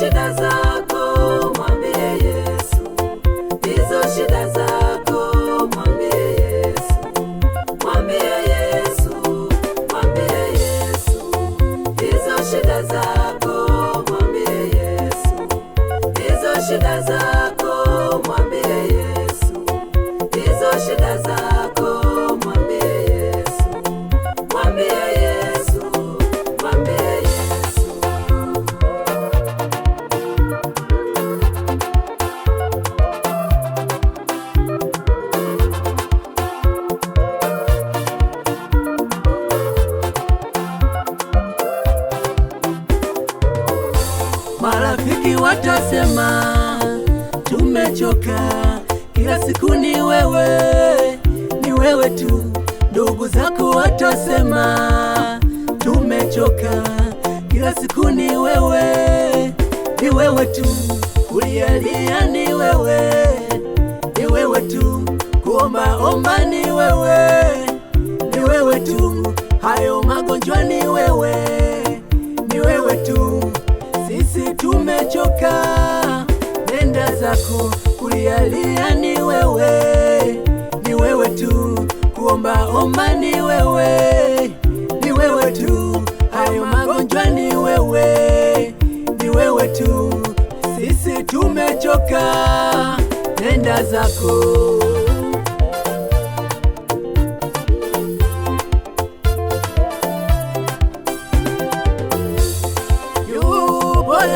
shida zako mwambie Yesu, hizo shida zako mwambie Yesu, mwambie Yesu, mwambie Yesu, hizo shida zako watasema tumechoka, kila siku ni wewe, ni wewe tu. Ndugu zako watasema tumechoka, kila siku ni wewe, ni wewe tu. Kulialia ni wewe, ni wewe tu. Kuombaomba ni wewe, ni wewe tu. Hayo magonjwa ni wewe umechoka, nenda zako, kulialia ni wewe, ni wewe tu, kuomba omba ni wewe, ni wewe tu, hayo magonjwa ni wewe, ni wewe tu, sisi tumechoka, nenda zako.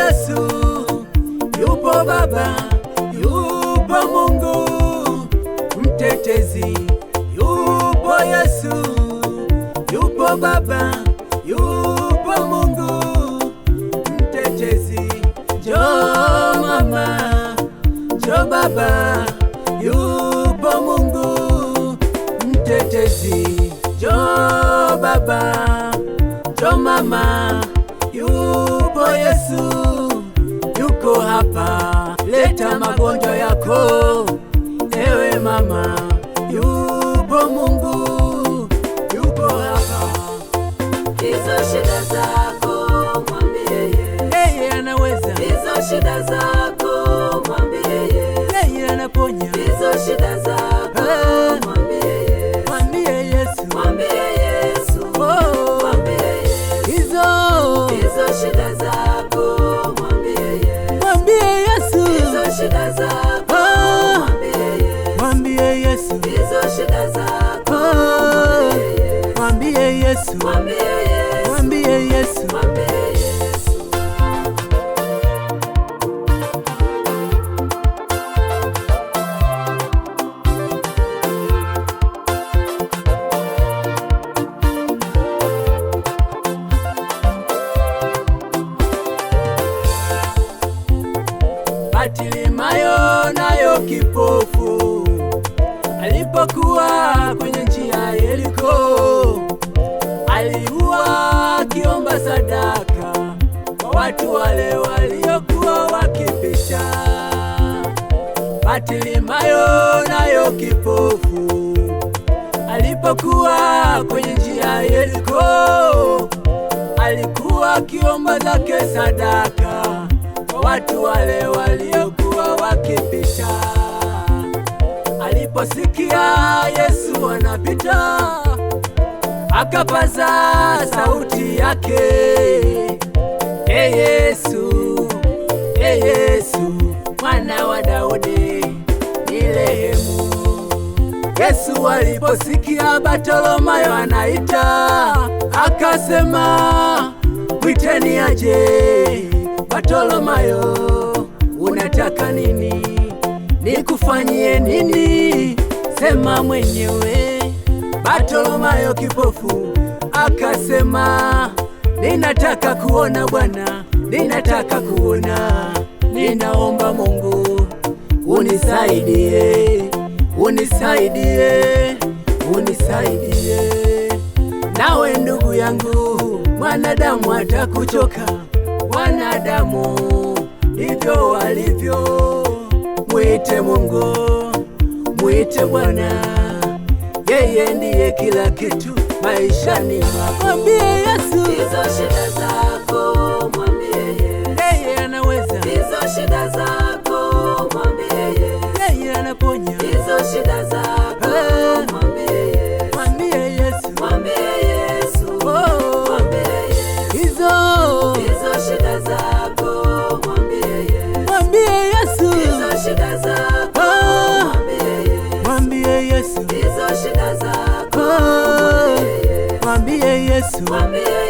Yesu Baba, yupo Mungu mtetezi, yupo Yesu. Yupo Baba, yupo Mungu mtetezi, jo mama, jo baba, yupo Mungu mtetezi yako, ewe mama, yupo Mungu, yupo hapa. Hizo shida zako mwambie Yesu, yeye anaweza. Hizo shida zako mwambie Yesu, yeye anaponya. Hizo shida zako Yesu, mwambie Yesu. Batilimayo nayo kipofu alipokuwa kwenye njia ya Yeriko alikuwa akiomba sadaka kwa watu wale waliokuwa wakipisha. Bartimayo nayo kipofu alipokuwa kwenye njia Yeriko, alikuwa akiomba zake sadaka kwa watu wale waliokuwa wakipisha. Aliposikia Yesu anapita akapaza sauti yake, e Yesu, e Yesu, mwana wa Daudi nilehemu. Yesu aliposikia Bartolomayo anaita, akasema mwiteni aje. Bartolomayo, unataka nini? Nikufanyie nini? Sema mwenyewe. Bartolomayo kipofu akasema, ninataka kuona Bwana, ninataka kuona, ninaomba Mungu unisaidie, unisaidie, unisaidie. Nawe ndugu yangu, mwanadamu atakuchoka, wanadamu ndivyo walivyo. Mwite Mungu, mwite Bwana yeye ndiye kila kitu maishani, mwambie Yesu hizo shida zako Yesu. Mwambie